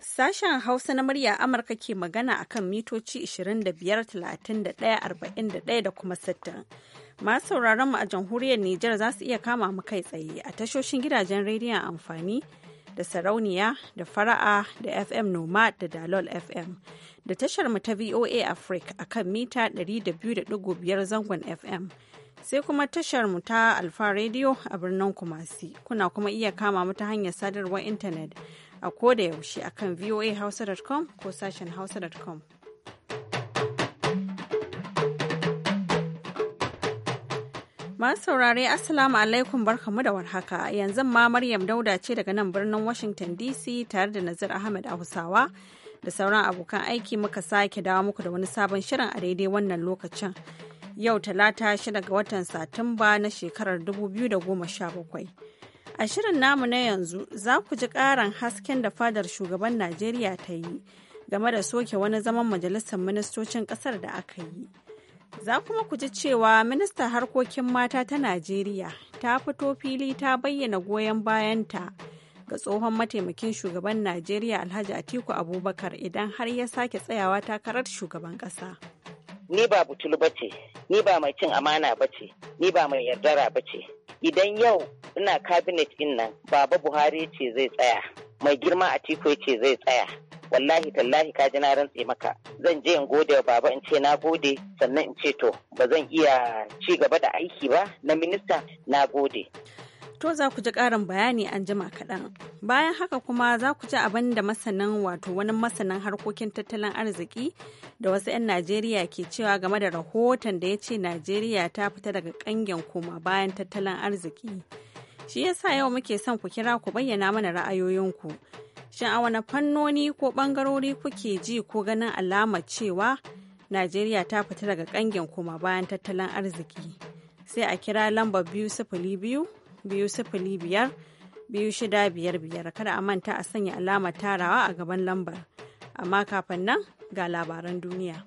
Sashen Hausa na murya Amurka ke magana akan mitoci 25,31,41 da kuma 60. Masu sauraron mu a jamhuriyar Nijar za su iya kama mu kai tsaye a tashoshin gidajen rediyon amfani da sarauniya da fara'a da FM Noma da Dalol FM da tashar mu ta VOA Africa akan mita 200.5 zangon FM. sai kuma tashar mu ta Alfa Radio a birnin Kumasi. Kuna kuma iya kama mu ta hanyar sadarwar intanet a koda yaushe akan voahausa.com ko sashen hausa.com. Masu saurare Assalamu alaikum barkamu da warhaka yanzu ma Maryam Dauda ce daga nan birnin Washington DC tare da Nazir Ahmed Hausawa da sauran abokan aiki muka sake dawo muku da wani sabon shirin a daidai wannan lokacin. yau talata 6 ga watan Satumba na shekarar 2017. A shirin namu na yanzu za ku ji ƙaran hasken da fadar shugaban Najeriya ta yi game da soke wani zaman majalisar ministocin ƙasar da aka yi. Za kuma ku ji cewa ministan harkokin mata ta Najeriya ta fito fili ta bayyana goyon bayanta ga tsohon mataimakin shugaban Najeriya Alhaji Atiku Abubakar idan har ya sake tsayawa takarar shugaban ƙasa. ni ba butul ba ce ni ba mai cin amana ba ce ni ba mai yardara ba ce idan yau ina Kabinet din nan baba buhari ce zai tsaya mai girma a tiko ce zai tsaya wallahi tallahi ka ji na rantse maka zan je in gode wa baba in ce na gode sannan in ce to ba zan iya ci gaba da aiki ba na minista na gode To za ku ji ƙarin bayani an jima kaɗan. Bayan haka kuma za ku ji abin da masanin wato wani masanin harkokin tattalin arziki da wasu 'yan Najeriya ke cewa game da rahoton da ya ce Najeriya ta fita daga ƙangin koma bayan tattalin arziki. Shi yasa yau muke son ku kira ku bayyana mana ra'ayoyinku. Shin a wani fannoni ko ɓangarori kuke ji ko ganin alamar cewa Najeriya ta fita daga ƙangin koma bayan tattalin arziki? Sai a kira lambar biyu sifili biyu biyu sifili biyar biyu shida biyar biyar kada a manta a sanya alamar tarawa a gaban lambar amma kafin nan ga labaran duniya.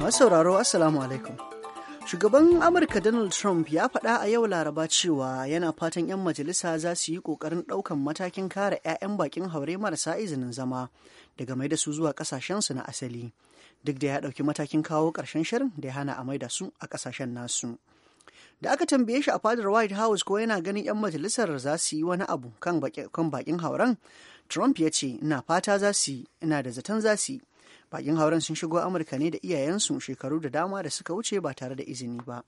masauraro assalamu alaikum shugaban amurka donald trump ya faɗa a yau laraba cewa yana fatan 'yan majalisa za su yi ƙoƙarin ɗaukan matakin kare 'ya'yan bakin haure marasa izinin zama daga mai da su zuwa ƙasashensu na asali duk da ya ɗauki matakin kawo ƙarshen shirin da ya hana a maida su a ƙasashen nasu. Da aka tambaye shi a fadar White House ko yana ganin 'yan majalisar za su yi wani abu kan bakin hauren, Trump ya ce, "Ina fata za su yi, ina da zaton za su yi." Bakin hauren sun shigo Amurka ne da iyayensu shekaru da dama da suka wuce ba tare da izini ba.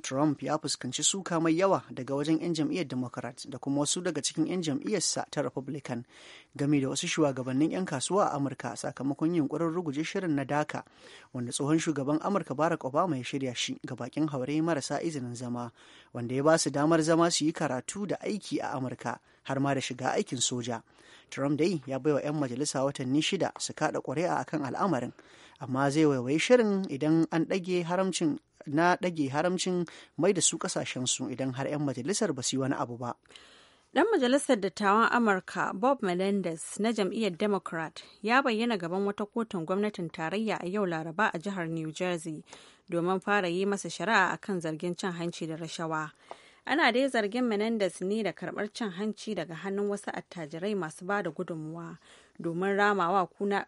Trump ya fuskanci suka mai yawa daga wajen 'yan jam'iyyar Democrat da kuma wasu daga cikin 'yan jam'iyyarsa ta Republican game da wasu shugabannin 'yan kasuwa a Amurka sakamakon yunkurin ruguje shirin na daka wanda tsohon shugaban Amurka Barack Obama ya shirya shi ga bakin haure marasa izinin zama wanda ya ba su damar zama su yi karatu da aiki a Amurka har ma da shiga aikin soja. Trump dai ya bai wa 'yan majalisa watanni shida su kada ƙuri'a akan al'amarin amma zai waiwayi shirin idan an ɗage haramcin na ɗage haramcin mai da su ƙasashen su idan har 'yan majalisar ba su yi wani abu ba. ɗan majalisar dattawan Amurka Bob Melendez na jam'iyyar Democrat ya bayyana gaban wata kotun gwamnatin tarayya a yau Laraba a jihar New Jersey domin fara yi masa shari'a akan zargin cin hanci da rashawa. ana dai zargin menendez ne da karbar cin hanci daga hannun wasu attajirai masu ba da gudunmuwa domin ramawa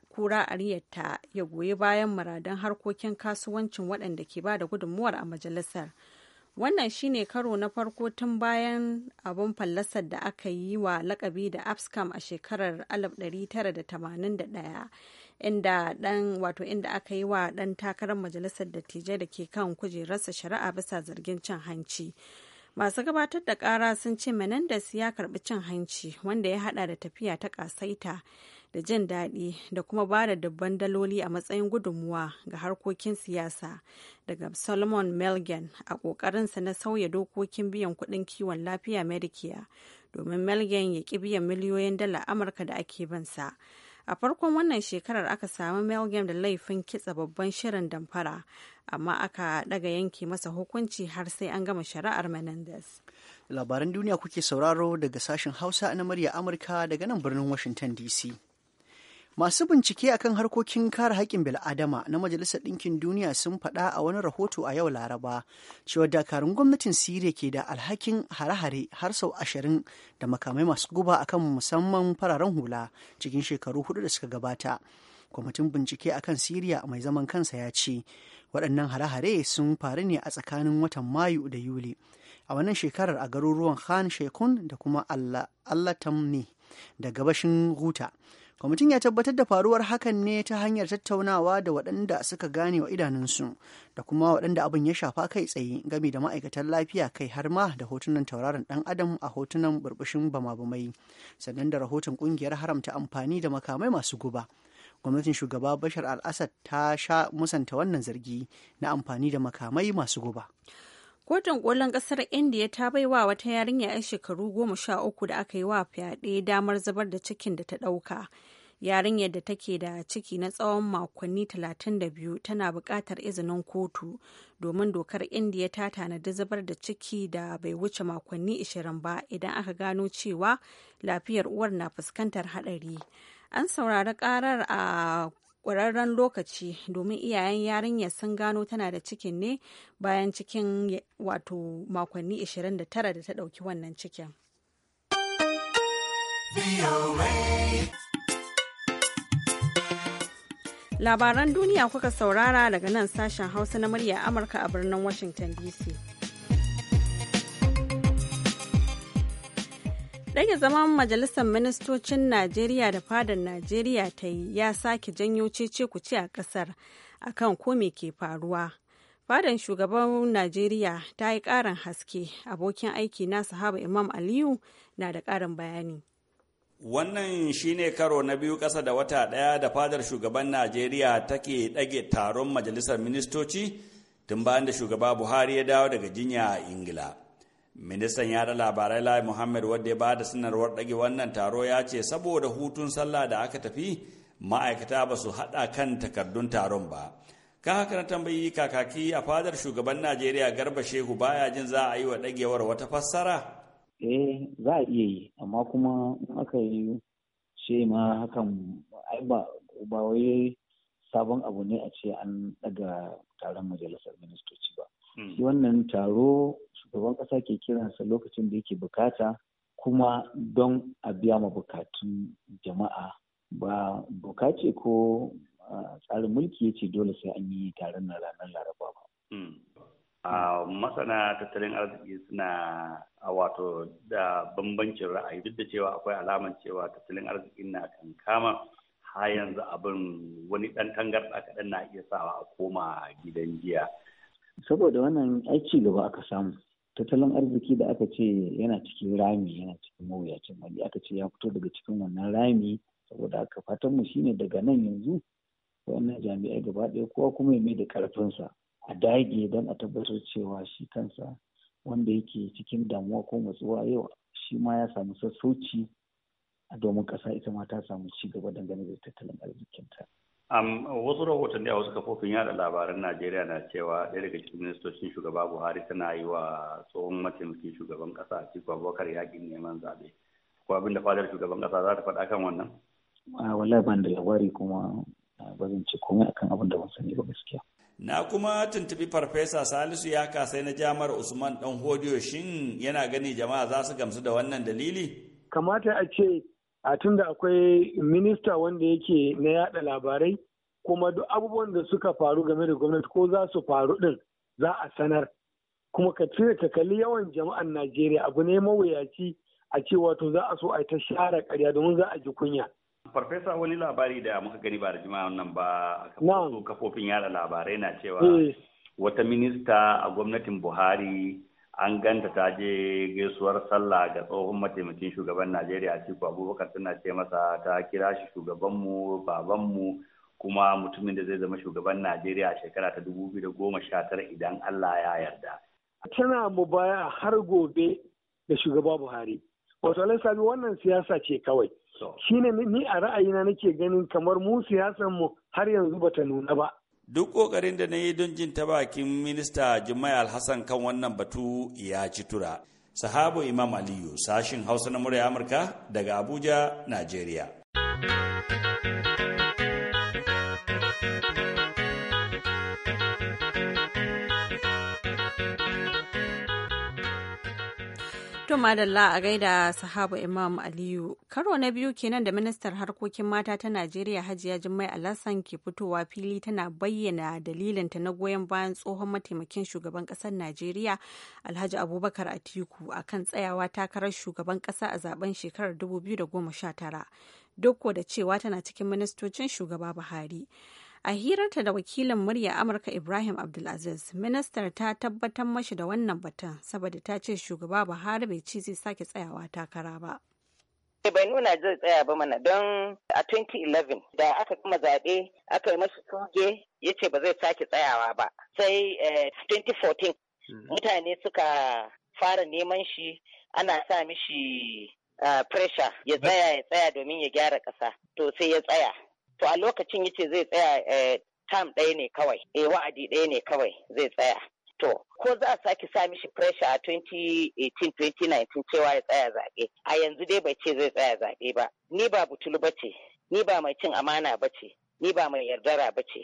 kura ariyarta ya goyi bayan muradan harkokin kasuwancin waɗanda ke ba da gudunmuwar a majalisar wannan shine karo na farko tun bayan abin fallasar da aka yi wa lakabi da abscam a shekarar 1981 inda dan wato inda aka yi wa dan takarar majalisar dattijai da ke kan kujerarsa shari'a bisa zargin cin hanci masu gabatar da kara sun ce menendez ya karbi cin hanci wanda ya hada da tafiya ta kasaita da jin daɗi da kuma ba da dubban daloli a matsayin gudunmuwa ga harkokin siyasa daga solomon melgen a ƙoƙarinsa na sauya dokokin biyan kuɗin kiwon lafiya medicare domin melgen ya ƙi biyan miliyoyin dala amurka da ake bansa. sa a farkon wannan shekarar aka sami melgam da laifin kitsa babban shirin damfara amma aka daga yanke masa hukunci har sai an gama shari'ar menendez labaran duniya kuke sauraro daga sashen hausa na murya amurka daga nan birnin washington dc Masu bincike akan harkokin kare haƙƙin bil'adama na Majalisar Ɗinkin Duniya sun faɗa a wani rahoto a yau Laraba cewa dakarun gwamnatin Siriya ke da alhakin hare-hare har sau ashirin da makamai masu guba akan musamman fararen hula cikin shekaru hudu da suka gabata. Kwamitin bincike akan Siriya mai zaman kansa ya ce waɗannan hare-hare sun faru ne a tsakanin watan Mayu da Yuli. A wannan shekarar a garuruwan Khan Shekun da kuma Allah Tamni da gabashin huta. kwamitin ya tabbatar da faruwar hakan ne ta hanyar tattaunawa da waɗanda suka gane wa idanunsu da kuma waɗanda abin ya shafa kai tsaye game da ma'aikatan lafiya kai har ma da hotunan tauraron ɗan adam a hotunan burbushin bama-bamai sannan da rahoton ƙungiyar haramta amfani da makamai masu guba gwamnatin shugaba bashar al-assad ta sha musanta wannan zargi na amfani da makamai masu guba kotun kolon kasar indiya ta baiwa wata yarinya 'yan shekaru goma sha uku da aka yi wa fyaɗe damar zubar da cikin da ta ɗauka yarinyar da take da ciki na tsawon makonni 32 tana bukatar izinin kotu domin dokar indiya ta tanadi zubar da ciki da bai wuce makonni 20 ba idan aka gano cewa lafiyar uwar na fuskantar haɗari an saurari karar a ƙwararren lokaci domin iyayen yarinya sun gano tana da cikin ne bayan cikin wato makonni 29 da ta ɗauki wannan cikin. Labaran duniya kuka saurara daga nan sashen Hausa na murya Amurka a birnin Washington DC. Rage zaman Majalisar Ministocin Najeriya da Fadar Najeriya ta yi ya sake janyo cece kuce a kasar akan ko me ke faruwa. Fadan shugaban Najeriya ta yi ƙarin haske abokin aiki na sahaba Imam Aliyu na da ƙarin bayani. Wannan shi ne karo na biyu ƙasa da wata ɗaya da fadar shugaban Najeriya take ɗage taron majalisar ministoci tun bayan da shugaba Buhari ya dawo daga jinya a Ingila. Ministan yada labarai Lai Muhammad wadda ya bada sanarwar ɗage wannan taro ya ce saboda hutun sallah da aka tafi ma'aikata ba su haɗa kan takardun taron ba. Ka haka na tambayi kakaki a fadar shugaban Najeriya Garba Shehu baya jin za a yi wa ɗagewar wata fassara. eh za a iya yi amma kuma in aka yi ce ma hakan ba ba wai sabon abu ne a ce an daga taron majalisar ministoci ba hmm. shi wannan taro shugaban kasa ke kiransa lokacin da yake bukata kuma don a biya ma bukatun jama'a ba bukace ko tsarin mulki ya ce dole sai an yi taron na ranar laraba ba hmm. A hmm. masana tattalin arziki suna a wato da bambancin ra'ayi duk da cewa akwai alaman cewa tattalin arziki na kan kama har hmm. yanzu abin wani ɗan tangarɗa kaɗan na iya sawa a koma gidan jiya. saboda wannan aiki gaba aka samu tattalin arziki da aka ce yana cikin rami yana cikin mawuyacin hali aka ce ya fito daga cikin wannan rami saboda aka fatan mu shine daga nan yanzu wannan jami'ai gaba ɗaya kowa kuma ya mai da ƙarfinsa a dage don a tabbatar cewa shi kansa wanda yake cikin damuwa ko matsuwa yau shi ma ya samu sassauci domin kasa ita ma ta samu ci gaba dangane da tattalin arzikinta. ta wasu rahotanni a wasu kafofin yada labaran Najeriya na cewa ɗaya daga cikin ministocin shugaba Buhari tana yi wa tsohon mataimakin shugaban ƙasa a cikin abokar yakin neman zaɓe. Ko abin fadar shugaban ƙasa za ta faɗa kan wannan? Wallahi ban da labari kuma ba zan ce komai akan abin da ban sani ba gaskiya. na kuma tuntubi farfesa salisu ya kasai na jamar usman ɗan hodiyo shin yana gani jama'a za su gamsu da wannan dalili kamata a ce a tun da akwai minista wanda yake na yada labarai kuma duk abubuwan da suka faru game da gwamnati ko za su faru din za a sanar kuma ka cire ka kalli yawan jama'an najeriya abu ne mawuyaci a ce wato za a so a ta share karya domin za a ji kunya Farfesa wani labari da muka gani ba da jima'a nan ba a kafofin yada labarai na cewa eh. wata minista a gwamnatin Buhari an ganta ta je gaisuwar sallah ga tsohon mataimakin shugaban Najeriya Atiku Abubakar tana ce masa ta kira shi shugabanmu babanmu kuma mutumin da zai zama shugaban Najeriya a shekara ta da goma sha tara idan Allah ya yarda. Tana mu baya har gobe da shugaba Buhari. wato alai wannan siyasa ce kawai shine ni a ra'ayina nake ganin kamar mu siyasan mu har yanzu bata nuna ba duk kokarin da na yi don jin ta bakin minista jumai alhassan kan wannan batu ya ci tura sahabo imam aliyu sashin hausa na murya amurka daga abuja najeriya To madalla a gaida sahabu Imam Aliyu. Karo na biyu kenan da ministar harkokin mata ta Najeriya Hajiya Jummai alassan ke fitowa fili tana bayyana dalilinta na goyon bayan tsohon mataimakin shugaban kasar Najeriya Alhaji Abubakar Atiku kan tsayawa takarar shugaban kasa a zaben shekarar 2019. Duk da cewa tana cikin ministocin shugaba Buhari. A hirarta da wakilin murya Amurka Ibrahim Abdulaziz, ministar ta tabbatar mashi da wannan batun saboda ta ce shugaba Buhari bai ci zai sake tsayawa takara ba. Eh, bai nuna zai tsaya ba mana don a 2011 da aka kuma zaɓe aka yi masu tuge ya ce ba zai sake tsayawa ba sai 2014 eh, hmm. mutane suka fara neman shi ana sa mishi ah, pressure ya tsaya ya tsaya domin ya gyara ƙasa to sai ya tsaya to a lokacin yace zai tsaya eh, tam ɗaya ne kawai eh wa'adi ɗaya ne kawai zai tsaya to ko za a sake sa mishi pressure a 2018-2019 cewa ya tsaya zaɓe a yanzu dai bai ce zai tsaya zaɓe ba ni ba butulu ba ce ni ba mai cin amana ba ce ni ba mai yardara ba ce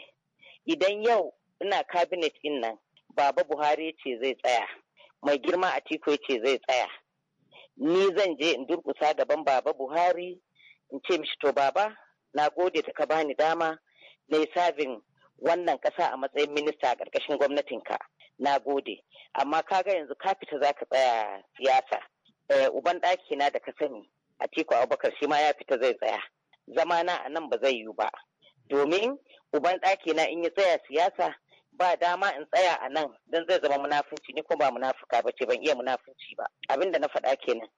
idan yau ina cabinet din nan baba buhari ce zai tsaya mai girma a tiko ce zai tsaya ni zan je in durkusa gaban baba buhari in ce mishi to baba na gode da ka bani dama na yi sabin wannan ƙasa a matsayin minista a ƙarƙashin gwamnatinka na gode amma ga yanzu ka fita za ka tsaya siyasa eh, uban ɗaki na da ka sani a tiku abubakar shi ma ya fita zai tsaya zama na a nan ba zai yiwu ba domin uban ɗaki na in yi tsaya siyasa ba dama in tsaya a nan don zai zama munafunci ni kuma ba munafuka ba ce ban iya munafunci ba abinda na faɗa kenan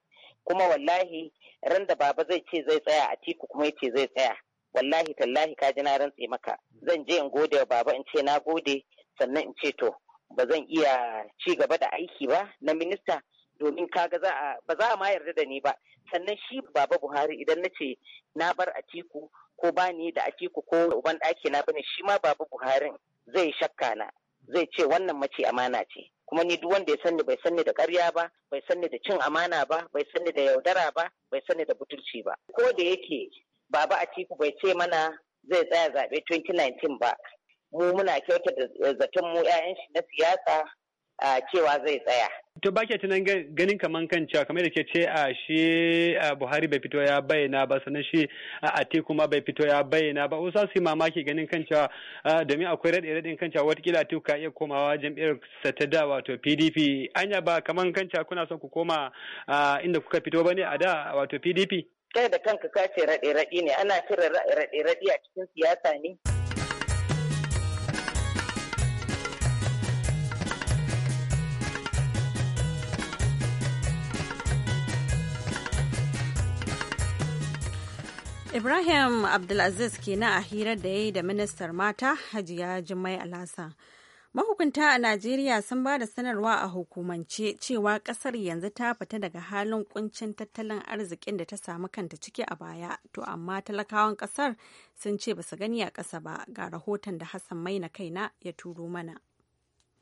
kuma wallahi ran da baba zai ce zai tsaya a tiku kuma ya ce zai tsaya wallahi tallahi ka ji na rantse maka zan je in gode wa baba in ce na gode sannan in ce to ba zan iya ci gaba da aiki ba na minista domin kaga za a ba za a ma yarda da ni ba sannan shi baba buhari idan na ce na bar a tiku ko ba ni da a tiku ko uban ɗaki na bane shi ma baba buhari zai shakka na zai ce wannan mace amana ce kuma ni duk wanda ya sanni bai sanni da ƙarya ba bai sanni da cin amana ba bai sanni da yaudara ba bai sanni da butulci ba ko da yake baba atiku bai ce mana zai tsaya zaɓe 2019 ba mu muna kyautata da zaton mu 'ya'yan shi na siyasa cewa zai tsaya to ba ke tunan ganin kaman kan cewa kamar da ke ce a shi Buhari bai fito ya bayyana ba sannan shi a Atiku ma bai fito ya bayyana ba wasu su mamaki ganin kan cewa domin akwai raɗe raɗin kan cewa watakila Atiku ka iya komawa jam'iyyar ta da wato PDP anya ba kaman kan cewa kuna son ku koma inda kuka fito ba ne a da wato PDP kai da kanka ka ce raɗe raɗe ne ana kira raɗe raɗe a cikin siyasa ne Ibrahim Abdulaziz kenan a hirar da ya yi da ministar mata Hajiya Jummai Alhassan. Mahukunta a Najeriya sun ba da sanarwa a hukumance cewa kasar yanzu ta fita daga halin kuncin tattalin arzikin da ta samu kanta ciki a baya, to amma talakawan kasar sun ce ba su gani a ƙasa ba ga rahoton da Hassan Maina kaina ya turo mana.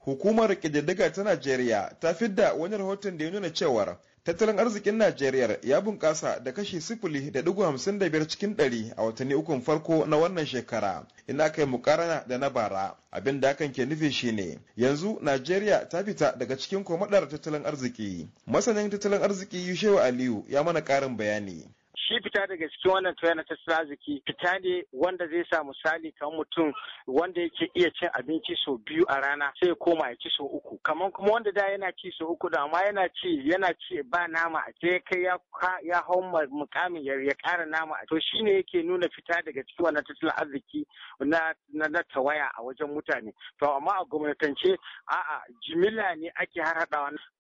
Hukumar ƙididdiga ta Najeriya ta fidda wani rahoton da ya nuna cewar tattalin arzikin najeriya ya bunkasa da kashi sifili da dugu hamsin da biyar cikin ɗari a watanni ukun farko na wannan shekara ina kai mukarana da na bara abin da hakan ke nufi shine yanzu najeriya ta fita daga cikin komadar tattalin arziki masanin tattalin arziki yushewa aliyu ya mana ƙarin bayani shi fita daga cikin wannan tuwa arziki fita ne wanda zai sa misali kan mutum wanda yake iya cin abinci sau biyu a rana sai koma ya ci sau uku kamar kuma wanda da yana ci sau uku da amma yana ci yana ci ba nama a sai kai ya hau mukamin ya kara nama to ne yake nuna fita daga cikin wannan tattalin arziki na tawaya a wajen mutane to amma a gwamnatance a'a jimilla ne ake har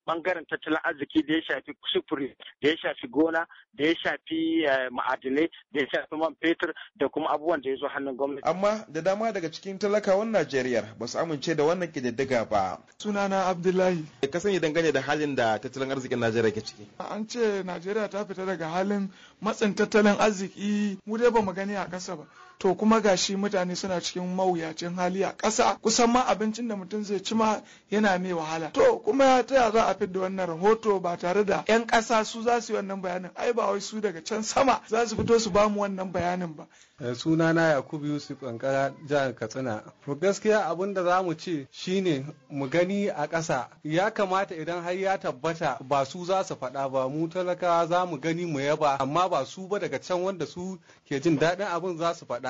bangaren tattalin arziki da ya shafi sufuri da ya shafi gona da ya shafi eh, ma'adinai da ya shafi man fetur da kuma abubuwan da ya zo hannun gwamnati. Amma da dama daga cikin talakawan Najeriya ba su amince da wannan kididdiga ba. Suna na Abdullahi. Ka sanya dangane da halin da tattalin arzikin Najeriya ke ciki. An ce Najeriya ta fita daga halin matsin tattalin arziki mu dai ba mu gani a ƙasa ba. to kuma gashi mutane suna cikin mawuyacin hali a ƙasa kusan ma abincin da mutum zai ci ma yana mai wahala to kuma ta za a fidda wannan rahoto ba tare da 'yan ƙasa su za su yi wannan bayanin ai ba wai su daga can sama za su fito su bamu wannan bayanin ba eh, Suna na yakubu yusuf kankara jihar katsina gaskiya abin da za mu ce shine mu gani a ƙasa ya kamata idan har ya tabbata ba su za su faɗa ba mu talaka za mu gani mu yaba amma ba su ba daga can wanda su ke jin daɗin abin za su faɗa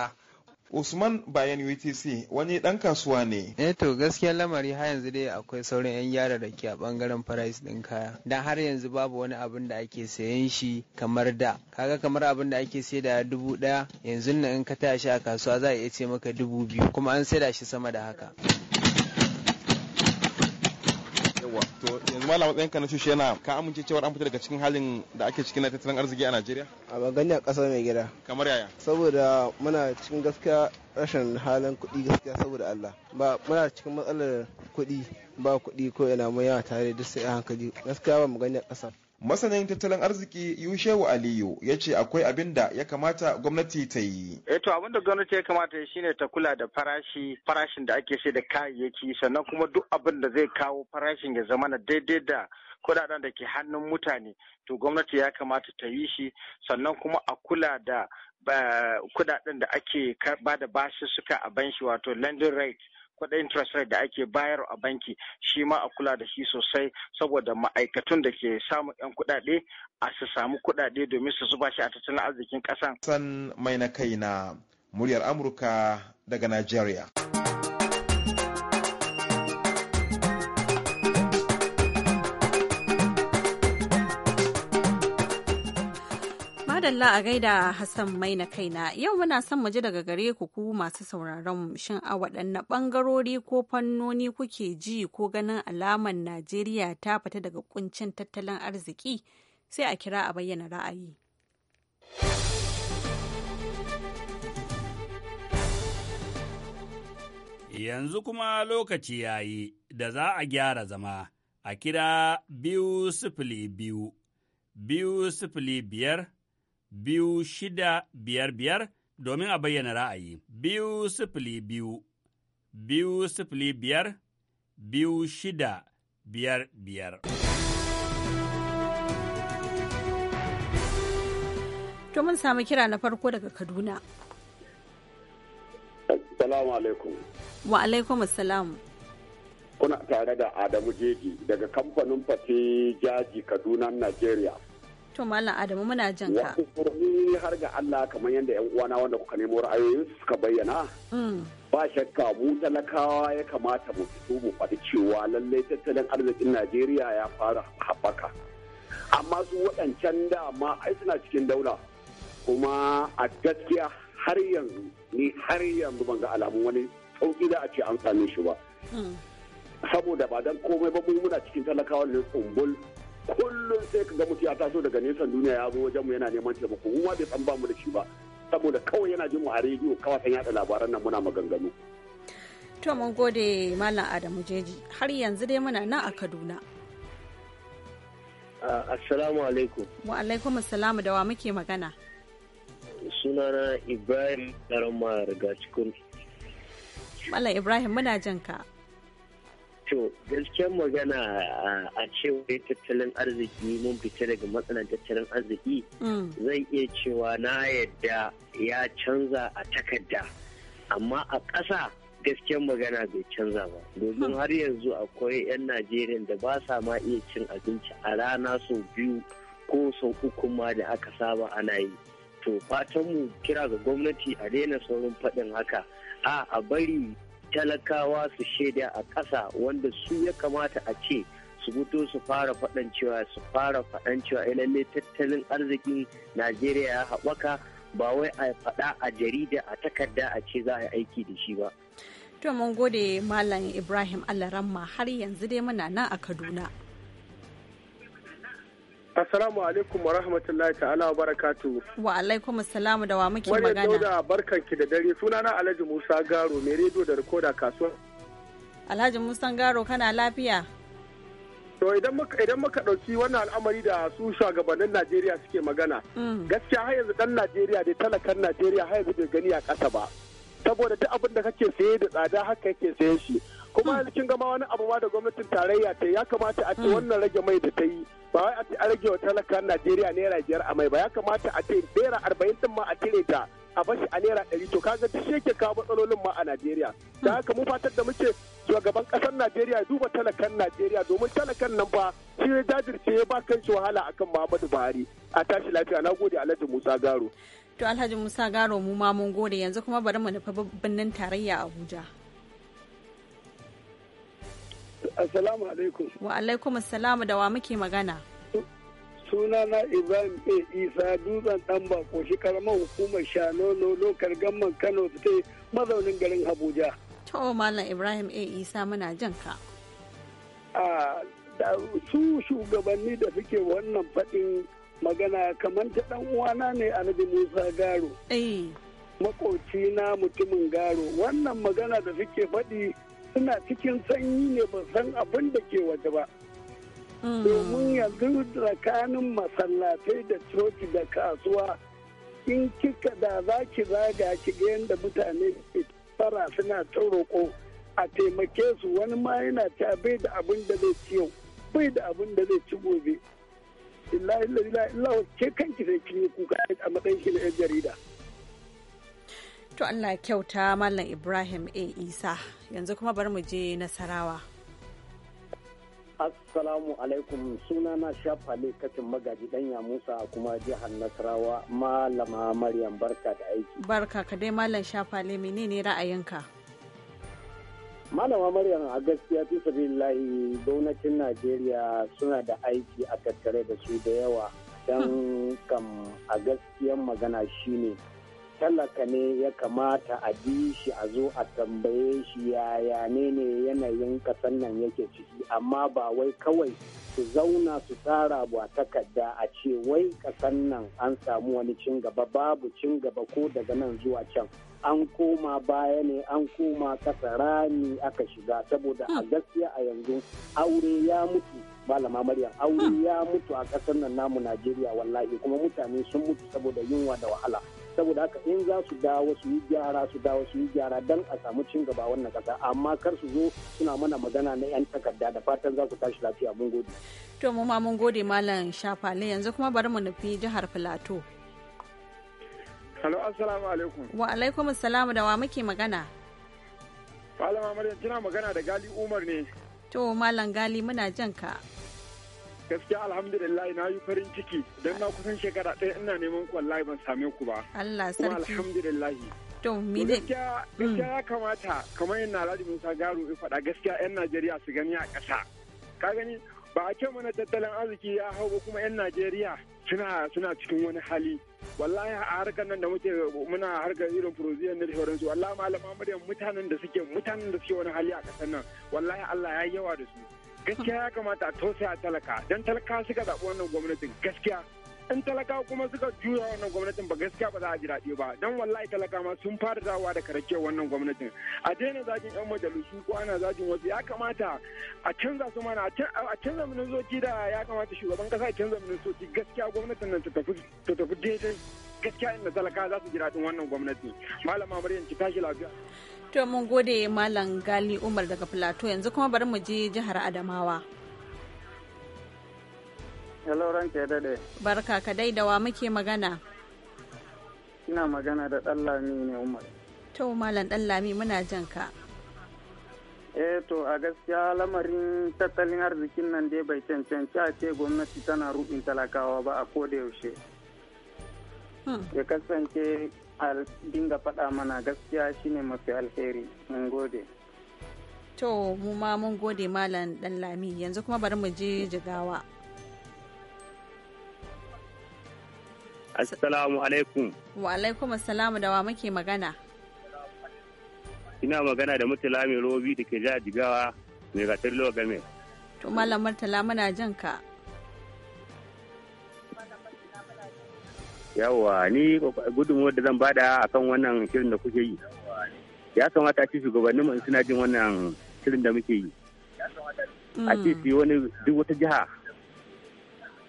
Usman bayan UTC wani ɗan kasuwa ne. Eh to gaskiya lamari har yanzu dai akwai sauran 'yan yara da ke a bangaren price ɗin kaya. Dan har yanzu babu wani abin da ake sayan shi kamar da. Kaga kamar abin da ake sai da dubu ɗaya yanzu nan in ka tashi a kasuwa za a iya ce maka dubu biyu kuma an sai da shi sama da haka. yawa to yanzu malam ka na shushe yana ka amince cewa an fita daga cikin halin da ake cikin na tattalin arziki a Najeriya a magani a ƙasar mai gida kamar yaya saboda muna cikin gaskiya rashin halin kuɗi gaskiya saboda Allah ba muna cikin matsalar kuɗi ba kuɗi ko ina mu yawa tare duk sai a hankali gaskiya ba mu gani a ƙasar masanin tattalin arziki yushewu aliyu ya ce akwai abin da ya kamata gwamnati ta yi eh abin da gwamnati ya kamata ya shine ta kula da farashi farashin da ake sai da kayayyaki sannan kuma duk abin da zai kawo farashin ya zama na daidai da kudaden da ke hannun mutane to gwamnati ya kamata ta yi shi sannan kuma a kula da kudaden da ake ba da bashi suka a banshi wato lending rate kuɗin interest rate da ake bayar a banki shi ma a kula da shi sosai saboda ma'aikatun da ke samun 'yan kuɗaɗe a su samu kuɗaɗe domin su zuba shi a tattalin arzikin ƙasan. San mai na kai na muryar Amurka daga Najeriya. madalla a gaida Hassan na kaina yau muna son mu ji daga gare ku ku masu sauraron shin a waɗanne ɓangarori ko fannoni kuke ji ko ganin alaman Najeriya ta fita daga kuncin tattalin arziki sai a kira a bayyana ra'ayi. Yanzu kuma lokaci ya yi da za a gyara zama a kira biyu sifili biyu, biyu sifili biyar biyu shida biyar biyar domin a bayyana ra'ayi. Biyu sifili biyu, biyu sifili biyar, biyu shida biyar biyar. To mun sami kira na farko daga Kaduna. Assalamu alaikum. Wa alaikum assalam. Kuna tare da Adamu Jeji daga kamfanin Fate Jaji Kaduna, Najeriya. to Malam Adamu muna jin ka. har ga Allah kamar yadda 'yan uwana wanda kuka nemo ra'ayoyin suka bayyana. Mm. Ba shakka mu talakawa ya kamata mu fito mu faɗi cewa lallai tattalin arzikin Najeriya ya fara haɓaka. Amma su waɗancan dama ai suna cikin daula. Kuma a gaskiya har yanzu ni har yanzu ban ga alamun wani sauki da a ce an same shi ba. Mm. Saboda ba dan komai ba mu muna cikin talakawa ne tsumbul kullum sai ka ga mutu ya taso daga nesan duniya ya zo wajen mu yana neman taimako mu ma bai san ba mu da shi ba saboda kawai yana jin mu a rediyo kawai san yada labaran nan muna maganganu to mun gode malam Adamu Jeji har yanzu dai muna nan a Kaduna assalamu alaikum wa alaikum assalam da wa muke magana sunana Ibrahim Darama Rigacikun Malam Ibrahim muna jinka ka To gaskiyar magana a cewa tattalin arziki mun fita daga matsalan tattalin arziki mm. zai iya cewa na yadda ya canza a takarda amma a ƙasa gaskiyar magana bai canza ba domin har yanzu akwai 'yan najeriya da ba sa ma iya cin abinci a rana sau biyu ko sau uku ma da aka saba ana yi to fatanmu kira ga gwamnati a daina saurin faɗin haka a a bari talakawa su shaida a ƙasa wanda su ya kamata a ce su fito su fara faɗan cewa su fara faɗan cewa eh, lalle tattalin arzikin najeriya ya haɓaka ba wai a faɗa a jarida a takarda a ce za a yi aiki da shi ba to mun gode malam ibrahim alaramma har yanzu dai muna nan a kaduna Assalamu alaikum wa rahmatullahi ta'ala wa barakatu. Wa alaikum assalamu da wa muke magana. Wani dauda barkan ki da dare sunana Alhaji Musa Garo mai rediyo da rikoda kasuwa. Alhaji Musa Garo kana lafiya? To idan muka idan muka dauki wannan al'amari da su shugabannin Najeriya suke magana. Mm. Gaskiya har yanzu dan Najeriya dai talakan Najeriya har yanzu bai gani a kasa ba. Saboda duk abin da kake saye da tsada haka yake sayen shi. kuma kin gama wani abu ma da gwamnatin tarayya ta ya kamata a ce hmm. wannan rage mai da ta yi ba wai a ce rage wa talakan Najeriya naira biyar a mai ba ya kamata a ce naira arba'in din ma a cire ta a bashi a naira ɗari to kaga duk sheke ka kawo matsalolin ma a Najeriya hmm. da haka mu fatar da muke shugaban ƙasar Najeriya duba talakan Najeriya domin talakan nan fa shi ya jajirce ya ba kan wahala akan Muhammadu Buhari a tashi lafiya na gode Alhaji Musa Garo to Alhaji Musa Garo mu ma mun gode yanzu kuma bari mu nufi birnin tarayya Abuja Assalamu alaikum. Wa alaikum assalamu da wa muke magana. Sunana Ibrahim A. Isa dutsen ɗan bako shi karamar hukumar shanono lokar gamman Kano state mazaunin garin Abuja. To Malam Ibrahim A. Isa muna jin ka. a su shugabanni da suke wannan faɗin magana kamar ta ɗan uwana ne Alhaji Musa Garo. Eh. Makoci na mutumin Garo wannan magana da suke faɗi suna cikin sanyi ne ba san abin da ke waje ba mm. domin yanzu tsakanin masallatai da coci da kasuwa in kika da za ki zaga ki ga yadda mutane fara suna ta roƙo a taimake su wani ma yana ta bai da abin da zai ci yau bai da abin da zai ci gobe illahi illahi ke kanki sai kin yi kuka a matsayin shi na yan jarida To Allah kyauta Malam Ibrahim A. Isa yanzu kuma bari mu je Nasarawa. Assalamu alaikum suna na shafale kacin magaji ɗanya Musa kuma jihar Nasarawa Malama Maryam barka da aiki. Barka ka dai Malam shafale menene ra'ayinka? Malama Maryam a gaskiya fi sabilillahi gwamnatin Najeriya suna da aiki a tattare da su da yawa don hmm. kam a gaskiyan magana shine. ne. talaka ne ya kamata a bi shi a zo a tambaye shi yaya ne ne yanayin kasan nan yake ciki amma ba wai kawai su zauna su tsara ba takarda a ce wai kasan nan an samu wani cin gaba babu cin gaba ko daga nan zuwa can an koma baya ne an koma kasa rami aka shiga saboda a hmm. gaskiya a yanzu aure ya mutu malama maryam aure hmm. ya mutu a kasar nan namu najeriya wallahi kuma mutane sun mutu saboda yunwa da wahala saboda haka in za su dawo su yi gyara su dawo su yi gyara don a samu cin gaba wannan kasa amma kar su zo suna mana magana na yan takarda da fatan za ku tashi lafiya mun gode to mu ma mun gode malam shafale yanzu kuma bari mu nufi jihar filato Halo, assalamu alaikum. Wa alaikum assalamu da wa muke magana. Malama Maryam kina magana da Gali Umar ne. To Malam Gali muna jan ka. gaskiya alhamdulillah na yi farin ciki don na kusan shekara ɗaya ina neman ku wallahi ban same ku ba Allah sarki kuma alhamdulillah to mi ne mm. gaskiya ya kamata kamar yin Alhaji Musa Garu ya faɗa gaskiya yan Najeriya su gani a ƙasa ka gani ba a ce mana tattalin arziki ya hau ba kuma yan Najeriya suna suna cikin wani hali wallahi a harkar nan da muke muna harkar irin furoziyan da sauransu wallahi malama muryar mutanen da suke mutanen da suke wani hali a ƙasar nan wallahi Allah ya yi yawa da su gaskiya ya kamata a tausaya talaka don talaka suka zaɓi wannan gwamnatin gaskiya in talakawa kuma suka juya wannan gwamnatin ba gaskiya ba za a ji daɗi ba don wallahi talaka ma sun fara dawa da karake wannan gwamnatin a daina zagin yan majalisu ko ana zagin wasu ya kamata a canza su mana a canza minisoci da ya kamata shugaban kasa a canza minisoci gaskiya gwamnatin nan ta tafi daidai gaskiya inda talaka za su ji daɗin wannan gwamnati malama maryam ki tashi lafiya to mun gode malam gali umar daga plateau yanzu kuma bari mu je jihar adamawa Hello ranke dade. Barka ka dai da wa muke magana. Ina magana da Dallami ne Umar. To Malam Dallami muna jan ka. Eh to a gaskiya lamarin tattalin arzikin nan dai bai cancanci a ce gwamnati tana rubin talakawa ba a da yaushe. Hmm. Ya kasance al dinga faɗa mana gaskiya shine mafi alheri. Mun gode. To mu ma mun gode Malam ɗanlami yanzu kuma bari mu je jigawa. Assalamu alaikum. Wa alaikum assalamu da wa muke magana. Ina magana da Murtala mai robi da ke ja Jigawa mai gatar Logame. To Malam Murtala muna jan ka. Yawwa ni gudunmuwar da zan bada a kan wannan shirin da kuke yi. Ya kamata ci shugabannin mu suna jin wannan shirin da muke yi. A ce wani duk wata jiha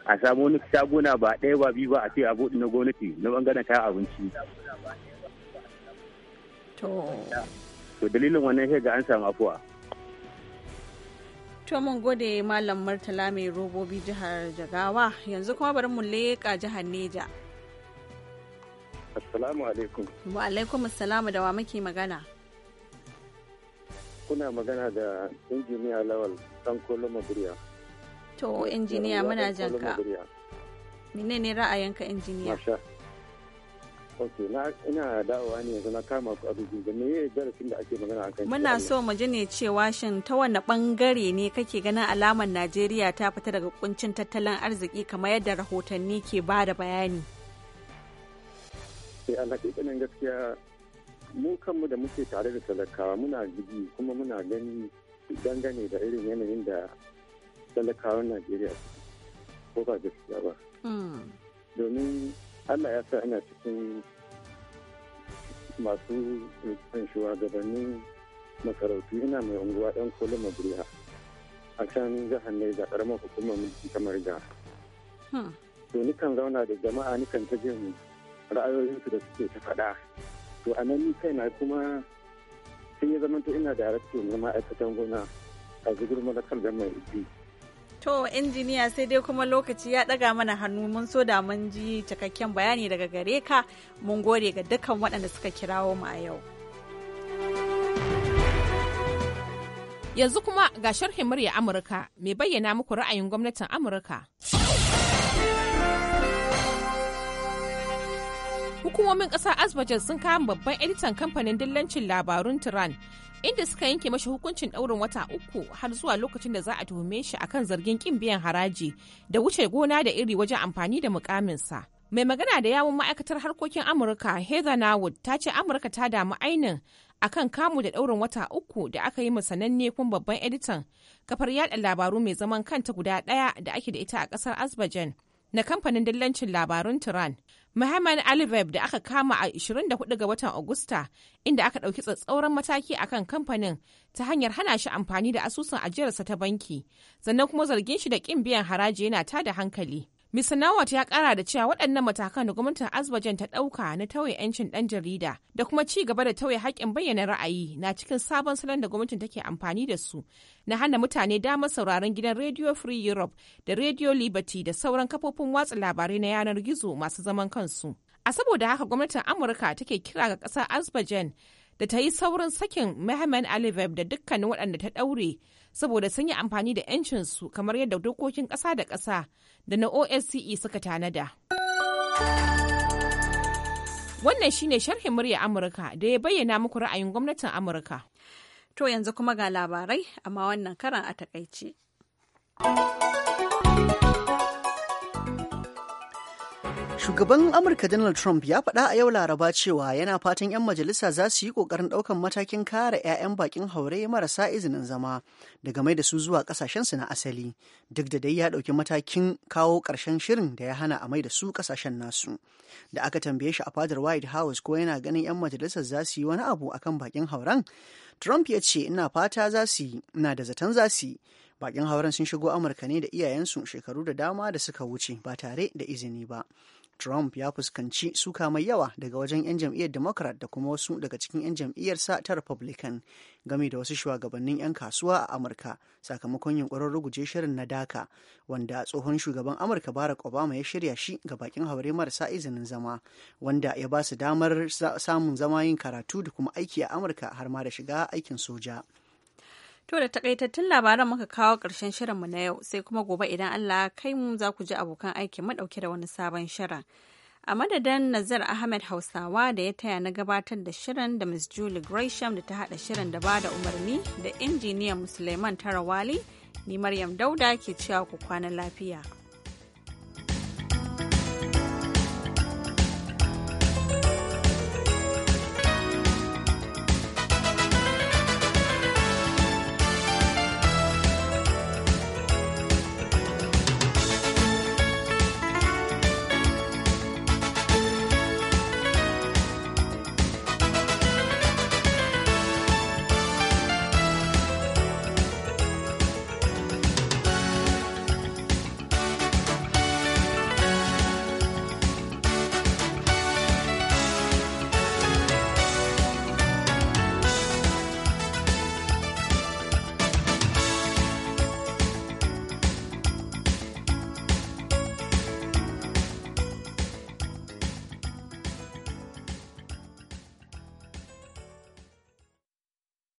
a samu wani shaguna ba ɗaya ba biyu ba a ce abu na gwamnati na bangaren kayan abinci to dalilin wannan sai ga an samu afuwa to mun gode malam martala mai robobi jihar jagawa yanzu kuma bari mu leƙa jihar neja assalamu alaikum wa alaikum assalamu da wa muke magana kuna magana da injiniya lawal sanko koloma To injiniya muna jan ka. Mene ne ra'ayinka injiniya? Oke, ina dawowa ne yanzu kama ku da ne darasin da ake magana akan Muna so mu ji ne cewa shin ta wanne bangare ne kake ganin alamar Najeriya ta fita daga kuncin tattalin arziki kamar yadda rahotanni ke ba da bayani. Sai eh, ɗanin gaskiya mu kanmu da muke tare da talakawa muna gidi kuma muna gani dangane da irin yanayin da talakawan najeriya ko ba gaskiya ba hmm. domin allah ya sa ana cikin masu rikon shugabannin masarautu yana mai unguwa ɗan kolin mabriya a can jihar ne da karamar hukumar mulki kamar da hmm. to kan zauna da jama'a ni kan ta jin ra'ayoyinsu da suke ta faɗa to a nan kai na kuma sun yi zamanto ina da harafi na ma'aikatan gona a zugur kan da mai ibi To injiniya sai dai kuma lokaci ya ɗaga mana hannu mun so da mun ji cikakken bayani daga gare ka mun gode ga dukkan waɗanda suka kirawo mu a yau. Yanzu kuma ga sharhin murya Amurka mai bayyana muku ra'ayin gwamnatin Amurka. Hukumomin ƙasa Azbajan sun kama babban editan kamfanin dillancin labarun Tiran inda suka yanke mashi hukuncin ɗaurin wata uku har zuwa lokacin da za a tuhume shi akan zargin kin biyan haraji da wuce gona da iri wajen amfani da mukaminsa. Mai magana da yawun ma'aikatar harkokin Amurka Heather Nawood ta ce Amurka ta damu ainin akan kamu da ɗaurin wata uku da aka yi sananne kun babban editan kafar yada labaru mai zaman kanta guda ɗaya da ake da ita a ƙasar Azerbaijan. na kamfanin dillancin labarun Turan, Muhammad Alibab da aka kama a 24 ga watan Agusta inda aka ɗauki tsatsauran mataki a kan kamfanin ta hanyar hana shi amfani da asusun ajiyarsa ta banki, sannan kuma zargin shi da ƙin biyan haraji yana tada hankali. miss Nawat ya kara da cewa waɗannan matakan da gwamnatin Azerbaijan ta ɗauka na tauye 'yancin ɗan jarida da kuma ci gaba da tauye haƙƙin bayyana ra'ayi na cikin sabon salon da gwamnatin take amfani da su na hana mutane damar sauraron gidan Radio Free Europe da Radio Liberty da sauran kafofin watsa labarai na yanar gizo masu zaman kansu. A saboda haka gwamnatin Amurka take kira ga ƙasar Azerbaijan da ta yi saurin sakin Mehman Aliyev da dukkanin waɗanda ta ɗaure saboda sun yi amfani da 'yancinsu kamar yadda dokokin ƙasa da ƙasa da na OSCE suka tanada. Wannan shine sharhin murya Amurka da ya bayyana muku ra'ayin gwamnatin Amurka. To yanzu kuma ga labarai, amma wannan karan a takaice. Shugaban Amurka Donald Trump ya faɗa a yau Laraba cewa yana fatan 'yan majalisa za su yi ƙoƙarin ɗaukan matakin kare 'ya'yan bakin haure marasa izinin zama daga mai da su zuwa ƙasashen su na asali, duk da dai ya ɗauki matakin kawo ƙarshen shirin da ya hana a mai da su ƙasashen nasu. Da aka tambaye shi a fadar White House ko yana ganin 'yan majalisa za su yi wani abu akan bakin hauren, Trump ya ce ina fata za su yi, ina da zaton za su yi, bakin hauren sun shigo amurka ne da iyayensu shekaru da dama da suka wuce ba tare da izini ba Trump ya fuskanci suka mai yawa daga wajen 'yan jam'iyyar Democrat da kuma wasu daga cikin 'yan jam'iyyarsa ta Republican game da wasu shugabannin 'yan kasuwa a Amurka sakamakon yunkurin ruguje shirin na daka wanda tsohon shugaban Amurka Barack Obama ya shirya shi ga bakin haure marasa izinin zama wanda ya ba su damar samun zama yin karatu da kuma aiki a Amurka har ma da shiga aikin soja. To da takaitattun labaran muka kawo ƙarshen shirinmu na yau sai kuma gobe idan Allah kai mu za ku ji abokan aiki mu ɗauke da wani sabon shirin. A madadin Nazar Ahmed Hausawa da ya taya na gabatar da shirin da Ms Julie Gresham da ta haɗa shirin da ba da umarni da injiniyan Musulaiman Tarawali, ni Maryam Dauda ke cewa ku kwana lafiya.